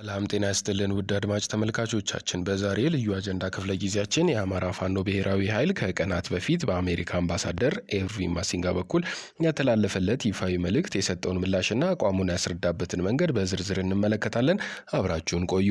ሰላም ጤና ይስጥልን ውድ አድማጭ ተመልካቾቻችን፣ በዛሬ ልዩ አጀንዳ ክፍለ ጊዜያችን የአማራ ፋኖ ብሔራዊ ኃይል ከቀናት በፊት በአሜሪካ አምባሳደር ኤርቪን ማሲንጋ በኩል ያተላለፈለት ይፋዊ መልእክት የሰጠውን ምላሽና አቋሙን ያስረዳበትን መንገድ በዝርዝር እንመለከታለን። አብራችሁን ቆዩ።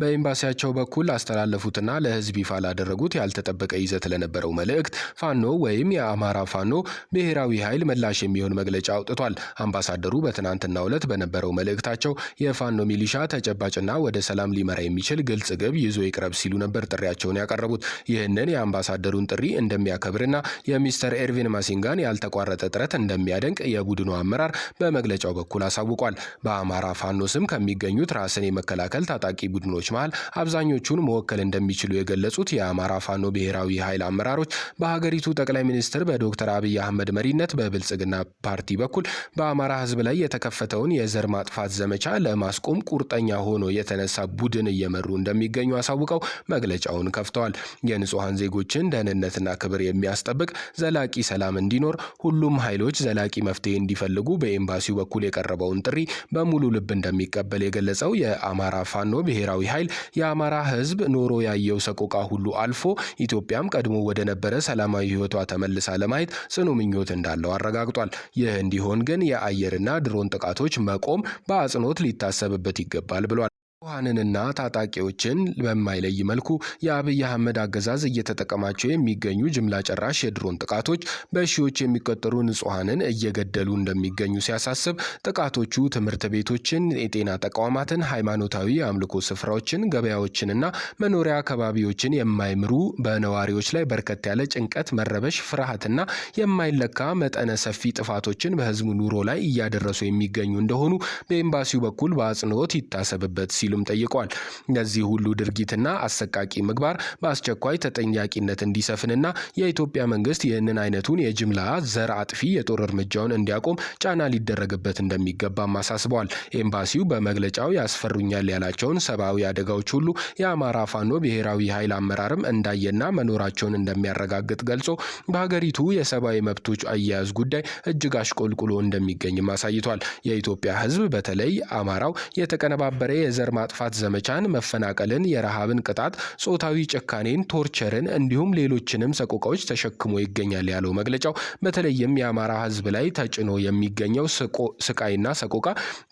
በኤምባሲያቸው በኩል ላስተላለፉትና ለህዝብ ይፋ ላደረጉት ያልተጠበቀ ይዘት ለነበረው መልእክት ፋኖ ወይም የአማራ ፋኖ ብሔራዊ ኃይል ምላሽ የሚሆን መግለጫ አውጥቷል። አምባሳደሩ በትናንትናው ዕለት በነበረው መልእክታቸው የፋኖ ሚሊሻ ተጨባጭና ወደ ሰላም ሊመራ የሚችል ግልጽ ግብ ይዞ ይቅረብ ሲሉ ነበር ጥሪያቸውን ያቀረቡት። ይህንን የአምባሳደሩን ጥሪ እንደሚያከብርና የሚስተር ኤርቪን ማሲንጋን ያልተቋረጠ ጥረት እንደሚያደንቅ የቡድኑ አመራር በመግለጫው በኩል አሳውቋል። በአማራ ፋኖ ስም ከሚገኙት ራስን የመከላከል ታጣቂ ቡድኖች ኃይሎች መሃል አብዛኞቹን መወከል እንደሚችሉ የገለጹት የአማራ ፋኖ ብሔራዊ ኃይል አመራሮች በሀገሪቱ ጠቅላይ ሚኒስትር በዶክተር አብይ አህመድ መሪነት በብልጽግና ፓርቲ በኩል በአማራ ህዝብ ላይ የተከፈተውን የዘር ማጥፋት ዘመቻ ለማስቆም ቁርጠኛ ሆኖ የተነሳ ቡድን እየመሩ እንደሚገኙ አሳውቀው መግለጫውን ከፍተዋል። የንጹሐን ዜጎችን ደህንነትና ክብር የሚያስጠብቅ ዘላቂ ሰላም እንዲኖር ሁሉም ኃይሎች ዘላቂ መፍትሄ እንዲፈልጉ በኤምባሲው በኩል የቀረበውን ጥሪ በሙሉ ልብ እንደሚቀበል የገለጸው የአማራ ፋኖ ብሔራዊ ኃይል የአማራ ህዝብ ኖሮ ያየው ሰቆቃ ሁሉ አልፎ ኢትዮጵያም ቀድሞ ወደ ነበረ ሰላማዊ ህይወቷ ተመልሳ ለማየት ጽኑ ምኞት እንዳለው አረጋግጧል። ይህ እንዲሆን ግን የአየርና ድሮን ጥቃቶች መቆም በአጽንኦት ሊታሰብበት ይገባል ብሏል። ንና ታጣቂዎችን በማይለይ መልኩ የአብይ አህመድ አገዛዝ እየተጠቀማቸው የሚገኙ ጅምላ ጨራሽ የድሮን ጥቃቶች በሺዎች የሚቆጠሩ ንጹሐንን እየገደሉ እንደሚገኙ ሲያሳስብ ጥቃቶቹ ትምህርት ቤቶችን፣ የጤና ተቋማትን፣ ሃይማኖታዊ የአምልኮ ስፍራዎችን፣ ገበያዎችንና መኖሪያ አካባቢዎችን የማይምሩ በነዋሪዎች ላይ በርከት ያለ ጭንቀት፣ መረበሽ፣ ፍርሃትና የማይለካ መጠነ ሰፊ ጥፋቶችን በህዝቡ ኑሮ ላይ እያደረሱ የሚገኙ እንደሆኑ በኤምባሲው በኩል በአጽንኦት ይታሰብበት ሲሉ ሲሉም ጠይቀዋል። ለዚህ ሁሉ ድርጊትና አሰቃቂ ምግባር በአስቸኳይ ተጠያቂነት እንዲሰፍንና የኢትዮጵያ መንግስት ይህንን አይነቱን የጅምላ ዘር አጥፊ የጦር እርምጃውን እንዲያቆም ጫና ሊደረግበት እንደሚገባም አሳስበዋል። ኤምባሲው በመግለጫው ያስፈሩኛል ያላቸውን ሰብአዊ አደጋዎች ሁሉ የአማራ ፋኖ ብሔራዊ ኃይል አመራርም እንዳየና መኖራቸውን እንደሚያረጋግጥ ገልጾ በሀገሪቱ የሰብአዊ መብቶች አያያዝ ጉዳይ እጅግ አሽቆልቁሎ እንደሚገኝም አሳይቷል። የኢትዮጵያ ሕዝብ በተለይ አማራው የተቀነባበረ የዘር የማጥፋት ዘመቻን፣ መፈናቀልን፣ የረሃብን ቅጣት፣ ጾታዊ ጭካኔን፣ ቶርቸርን እንዲሁም ሌሎችንም ሰቆቃዎች ተሸክሞ ይገኛል ያለው መግለጫው በተለይም የአማራ ሕዝብ ላይ ተጭኖ የሚገኘው ስቃይና ሰቆቃ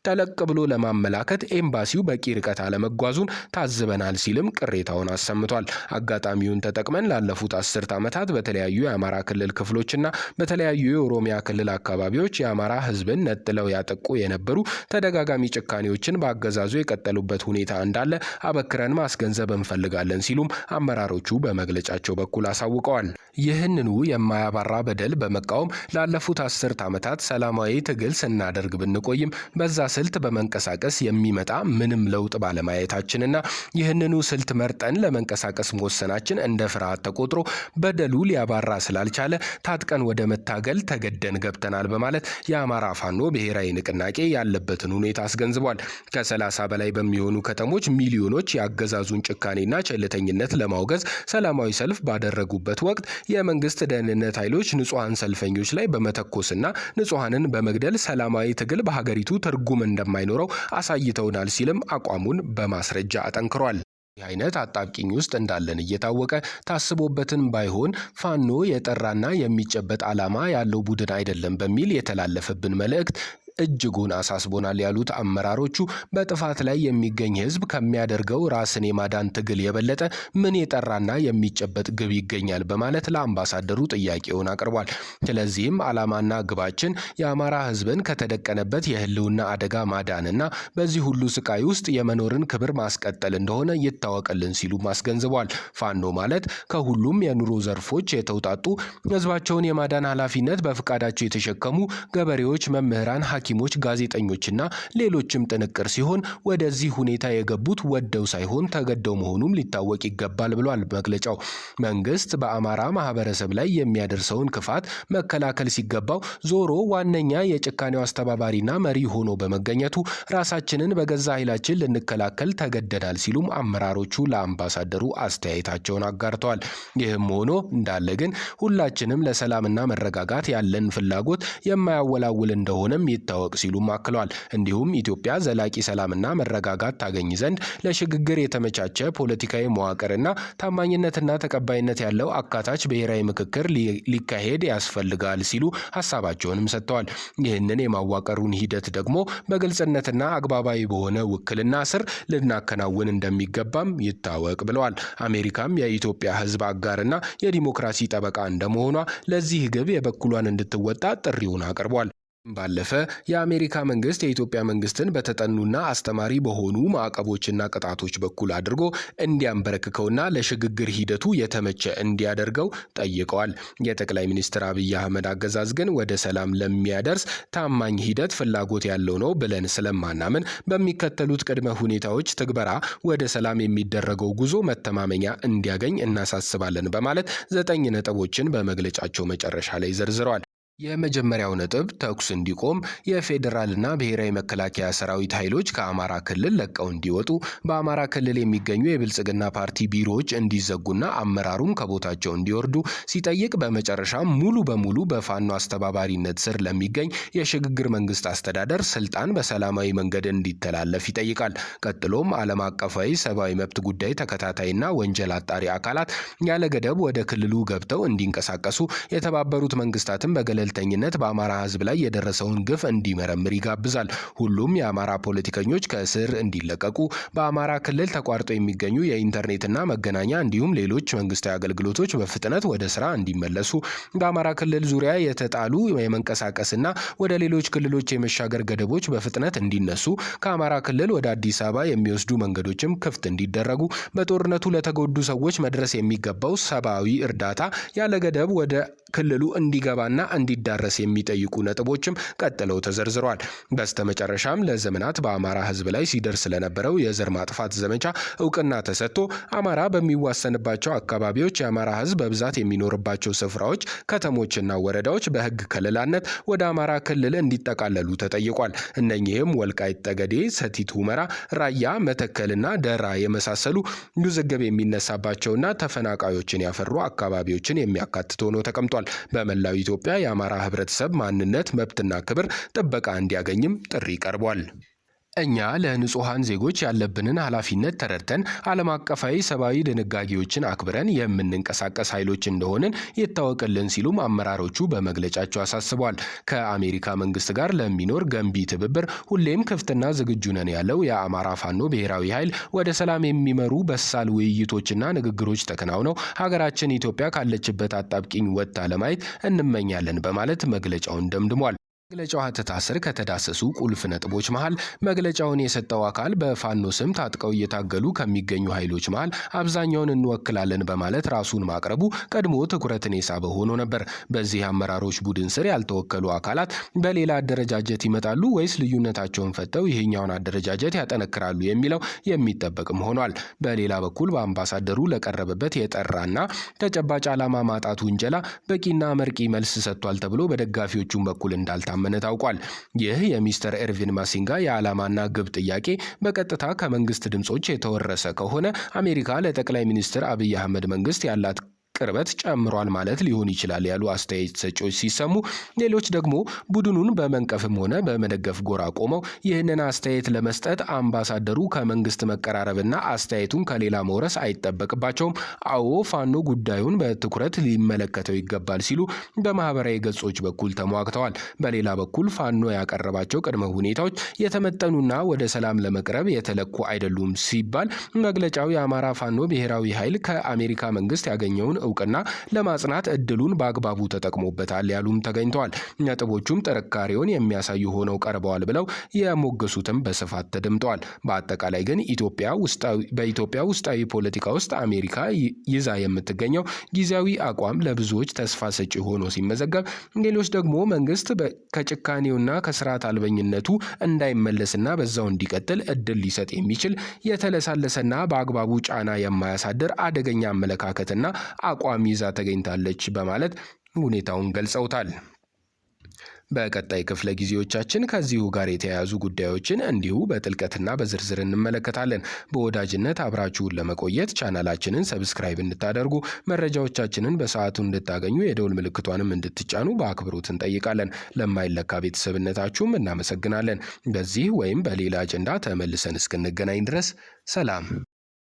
ጠለቅ ብሎ ለማመላከት ኤምባሲው በቂ ርቀት አለመጓዙን ታዝበናል ሲልም ቅሬታውን አሰምቷል። አጋጣሚውን ተጠቅመን ላለፉት አስርት ዓመታት በተለያዩ የአማራ ክልል ክፍሎችና በተለያዩ የኦሮሚያ ክልል አካባቢዎች የአማራ ሕዝብን ነጥለው ያጠቁ የነበሩ ተደጋጋሚ ጭካኔዎችን በአገዛዙ የቀጠሉበት ያለበት ሁኔታ እንዳለ አበክረን ማስገንዘብ እንፈልጋለን ሲሉም አመራሮቹ በመግለጫቸው በኩል አሳውቀዋል። ይህንኑ የማያባራ በደል በመቃወም ላለፉት አስርት ዓመታት ሰላማዊ ትግል ስናደርግ ብንቆይም በዛ ስልት በመንቀሳቀስ የሚመጣ ምንም ለውጥ ባለማየታችንና ይህንኑ ስልት መርጠን ለመንቀሳቀስ መወሰናችን እንደ ፍርሃት ተቆጥሮ በደሉ ሊያባራ ስላልቻለ ታጥቀን ወደ መታገል ተገደን ገብተናል በማለት የአማራ ፋኖ ብሔራዊ ንቅናቄ ያለበትን ሁኔታ አስገንዝቧል። ከሰላሳ በላይ በሚ የሚሆኑ ከተሞች ሚሊዮኖች የአገዛዙን ጭካኔና ቸልተኝነት ለማውገዝ ሰላማዊ ሰልፍ ባደረጉበት ወቅት የመንግስት ደህንነት ኃይሎች ንጹሐን ሰልፈኞች ላይ በመተኮስና ንጹሐንን በመግደል ሰላማዊ ትግል በሀገሪቱ ትርጉም እንደማይኖረው አሳይተውናል ሲልም አቋሙን በማስረጃ አጠንክሯል። ይህ አይነት አጣብቂኝ ውስጥ እንዳለን እየታወቀ ታስቦበትን ባይሆን ፋኖ የጠራና የሚጨበጥ ዓላማ ያለው ቡድን አይደለም በሚል የተላለፈብን መልእክት እጅጉን አሳስቦናል ያሉት አመራሮቹ በጥፋት ላይ የሚገኝ ህዝብ ከሚያደርገው ራስን የማዳን ትግል የበለጠ ምን የጠራና የሚጨበጥ ግብ ይገኛል በማለት ለአምባሳደሩ ጥያቄውን አቅርቧል። ስለዚህም ዓላማና ግባችን የአማራ ህዝብን ከተደቀነበት የህልውና አደጋ ማዳንና በዚህ ሁሉ ስቃይ ውስጥ የመኖርን ክብር ማስቀጠል እንደሆነ ይታወቅልን ሲሉ አስገንዝበዋል። ፋኖ ማለት ከሁሉም የኑሮ ዘርፎች የተውጣጡ ህዝባቸውን የማዳን ኃላፊነት በፍቃዳቸው የተሸከሙ ገበሬዎች፣ መምህራን፣ ሐኪም ሐኪሞች፣ ጋዜጠኞችና ሌሎችም ጥንቅር ሲሆን ወደዚህ ሁኔታ የገቡት ወደው ሳይሆን ተገደው መሆኑም ሊታወቅ ይገባል ብሏል መግለጫው። መንግስት በአማራ ማህበረሰብ ላይ የሚያደርሰውን ክፋት መከላከል ሲገባው ዞሮ ዋነኛ የጭካኔው አስተባባሪና መሪ ሆኖ በመገኘቱ ራሳችንን በገዛ ኃይላችን ልንከላከል ተገደናል ሲሉም አመራሮቹ ለአምባሳደሩ አስተያየታቸውን አጋርተዋል። ይህም ሆኖ እንዳለ ግን ሁላችንም ለሰላምና መረጋጋት ያለን ፍላጎት የማያወላውል እንደሆነም ይታወ ይታወቅ ሲሉም አክለዋል። እንዲሁም ኢትዮጵያ ዘላቂ ሰላምና መረጋጋት ታገኝ ዘንድ ለሽግግር የተመቻቸ ፖለቲካዊ መዋቅርና ታማኝነትና ተቀባይነት ያለው አካታች ብሔራዊ ምክክር ሊካሄድ ያስፈልጋል ሲሉ ሀሳባቸውንም ሰጥተዋል። ይህንን የማዋቀሩን ሂደት ደግሞ በግልጽነትና አግባባዊ በሆነ ውክልና ስር ልናከናውን እንደሚገባም ይታወቅ ብለዋል። አሜሪካም የኢትዮጵያ ሕዝብ አጋርና የዲሞክራሲ ጠበቃ እንደመሆኗ ለዚህ ግብ የበኩሏን እንድትወጣ ጥሪውን አቅርቧል። ባለፈ የአሜሪካ መንግስት የኢትዮጵያ መንግስትን በተጠኑና አስተማሪ በሆኑ ማዕቀቦችና ቅጣቶች በኩል አድርጎ እንዲያንበረክከውና ለሽግግር ሂደቱ የተመቸ እንዲያደርገው ጠይቀዋል። የጠቅላይ ሚኒስትር አብይ አህመድ አገዛዝ ግን ወደ ሰላም ለሚያደርስ ታማኝ ሂደት ፍላጎት ያለው ነው ብለን ስለማናምን በሚከተሉት ቅድመ ሁኔታዎች ትግበራ ወደ ሰላም የሚደረገው ጉዞ መተማመኛ እንዲያገኝ እናሳስባለን በማለት ዘጠኝ ነጥቦችን በመግለጫቸው መጨረሻ ላይ ዘርዝረዋል። የመጀመሪያው ነጥብ ተኩስ እንዲቆም የፌዴራልና ብሔራዊ መከላከያ ሰራዊት ኃይሎች ከአማራ ክልል ለቀው እንዲወጡ በአማራ ክልል የሚገኙ የብልጽግና ፓርቲ ቢሮዎች እንዲዘጉና አመራሩም ከቦታቸው እንዲወርዱ ሲጠይቅ በመጨረሻም ሙሉ በሙሉ በፋኖ አስተባባሪነት ስር ለሚገኝ የሽግግር መንግስት አስተዳደር ስልጣን በሰላማዊ መንገድ እንዲተላለፍ ይጠይቃል። ቀጥሎም ዓለም አቀፋዊ ሰብአዊ መብት ጉዳይ ተከታታይና ወንጀል አጣሪ አካላት ያለ ገደብ ወደ ክልሉ ገብተው እንዲንቀሳቀሱ የተባበሩት መንግስታትን በገለል ገለልተኝነት በአማራ ህዝብ ላይ የደረሰውን ግፍ እንዲመረምር ይጋብዛል። ሁሉም የአማራ ፖለቲከኞች ከእስር እንዲለቀቁ፣ በአማራ ክልል ተቋርጦ የሚገኙ የኢንተርኔትና መገናኛ እንዲሁም ሌሎች መንግስታዊ አገልግሎቶች በፍጥነት ወደ ስራ እንዲመለሱ፣ በአማራ ክልል ዙሪያ የተጣሉ የመንቀሳቀስና ወደ ሌሎች ክልሎች የመሻገር ገደቦች በፍጥነት እንዲነሱ፣ ከአማራ ክልል ወደ አዲስ አበባ የሚወስዱ መንገዶችም ክፍት እንዲደረጉ፣ በጦርነቱ ለተጎዱ ሰዎች መድረስ የሚገባው ሰብአዊ እርዳታ ያለ ገደብ ወደ ክልሉ እንዲገባና እንዲዳረስ የሚጠይቁ ነጥቦችም ቀጥለው ተዘርዝረዋል። በስተመጨረሻም ለዘመናት በአማራ ሕዝብ ላይ ሲደርስ ለነበረው የዘር ማጥፋት ዘመቻ እውቅና ተሰጥቶ አማራ በሚዋሰንባቸው አካባቢዎች የአማራ ሕዝብ በብዛት የሚኖርባቸው ስፍራዎች፣ ከተሞችና ወረዳዎች በሕግ ከለላነት ወደ አማራ ክልል እንዲጠቃለሉ ተጠይቋል። እነኚህም ወልቃይት ጠገዴ፣ ሰቲት ሁመራ፣ ራያ፣ መተከልና ደራ የመሳሰሉ ውዝግብ የሚነሳባቸውና ተፈናቃዮችን ያፈሩ አካባቢዎችን የሚያካትት ሆኖ ተቀምጧል። ገልጿል። በመላው ኢትዮጵያ የአማራ ህብረተሰብ ማንነት፣ መብትና ክብር ጥበቃ እንዲያገኝም ጥሪ ቀርቧል። እኛ ለንጹሐን ዜጎች ያለብንን ኃላፊነት ተረድተን ዓለም አቀፋዊ ሰብአዊ ድንጋጌዎችን አክብረን የምንንቀሳቀስ ኃይሎች እንደሆንን ይታወቅልን ሲሉም አመራሮቹ በመግለጫቸው አሳስበዋል። ከአሜሪካ መንግስት ጋር ለሚኖር ገንቢ ትብብር ሁሌም ክፍትና ዝግጁ ነን ያለው የአማራ ፋኖ ብሔራዊ ኃይል ወደ ሰላም የሚመሩ በሳል ውይይቶችና ንግግሮች ተከናውነው ሀገራችን ኢትዮጵያ ካለችበት አጣብቂኝ ወጥታ ለማየት እንመኛለን በማለት መግለጫውን ደምድሟል። መግለጫው ሐተታ ስር ከተዳሰሱ ቁልፍ ነጥቦች መሃል መግለጫውን የሰጠው አካል በፋኖ ስም ታጥቀው እየታገሉ ከሚገኙ ኃይሎች መሃል አብዛኛውን እንወክላለን በማለት ራሱን ማቅረቡ ቀድሞ ትኩረትን የሳበ ሆኖ ነበር። በዚህ አመራሮች ቡድን ስር ያልተወከሉ አካላት በሌላ አደረጃጀት ይመጣሉ ወይስ ልዩነታቸውን ፈተው ይሄኛውን አደረጃጀት ያጠነክራሉ የሚለው የሚጠበቅም ሆኗል። በሌላ በኩል በአምባሳደሩ ለቀረበበት የጠራና ተጨባጭ ዓላማ ማጣት ውንጀላ በቂና መርቂ መልስ ሰጥቷል ተብሎ በደጋፊዎቹም በኩል እንዳልታ። እንደታመነ ታውቋል። ይህ የሚስተር ኤርቪን ማሲንጋ የዓላማና ግብ ጥያቄ በቀጥታ ከመንግስት ድምፆች የተወረሰ ከሆነ አሜሪካ ለጠቅላይ ሚኒስትር አብይ አህመድ መንግስት ያላት ቅርበት ጨምሯል ማለት ሊሆን ይችላል ያሉ አስተያየት ሰጪዎች ሲሰሙ፣ ሌሎች ደግሞ ቡድኑን በመንቀፍም ሆነ በመደገፍ ጎራ ቆመው ይህንን አስተያየት ለመስጠት አምባሳደሩ ከመንግስት መቀራረብና አስተያየቱን ከሌላ መውረስ አይጠበቅባቸውም። አዎ ፋኖ ጉዳዩን በትኩረት ሊመለከተው ይገባል ሲሉ በማህበራዊ ገጾች በኩል ተሟግተዋል። በሌላ በኩል ፋኖ ያቀረባቸው ቅድመ ሁኔታዎች የተመጠኑና ወደ ሰላም ለመቅረብ የተለኩ አይደሉም ሲባል መግለጫው የአማራ ፋኖ ብሔራዊ ኃይል ከአሜሪካ መንግስት ያገኘውን እውቅና ለማጽናት እድሉን በአግባቡ ተጠቅሞበታል ያሉም ተገኝተዋል። ነጥቦቹም ጥንካሬውን የሚያሳዩ ሆነው ቀርበዋል ብለው የሞገሱትም በስፋት ተደምጠዋል። በአጠቃላይ ግን በኢትዮጵያ ውስጣዊ ፖለቲካ ውስጥ አሜሪካ ይዛ የምትገኘው ጊዜያዊ አቋም ለብዙዎች ተስፋ ሰጪ ሆኖ ሲመዘገብ፣ ሌሎች ደግሞ መንግስት ከጭካኔውና ከስርዓት አልበኝነቱ እንዳይመለስና በዛው እንዲቀጥል እድል ሊሰጥ የሚችል የተለሳለሰና በአግባቡ ጫና የማያሳድር አደገኛ አመለካከትና አቋም አቋም ይዛ ተገኝታለች በማለት ሁኔታውን ገልጸውታል። በቀጣይ ክፍለ ጊዜዎቻችን ከዚሁ ጋር የተያያዙ ጉዳዮችን እንዲሁ በጥልቀትና በዝርዝር እንመለከታለን። በወዳጅነት አብራችሁን ለመቆየት ቻናላችንን ሰብስክራይብ እንድታደርጉ፣ መረጃዎቻችንን በሰዓቱ እንድታገኙ፣ የደውል ምልክቷንም እንድትጫኑ በአክብሮት እንጠይቃለን። ለማይለካ ቤተሰብነታችሁም እናመሰግናለን። በዚህ ወይም በሌላ አጀንዳ ተመልሰን እስክንገናኝ ድረስ ሰላም።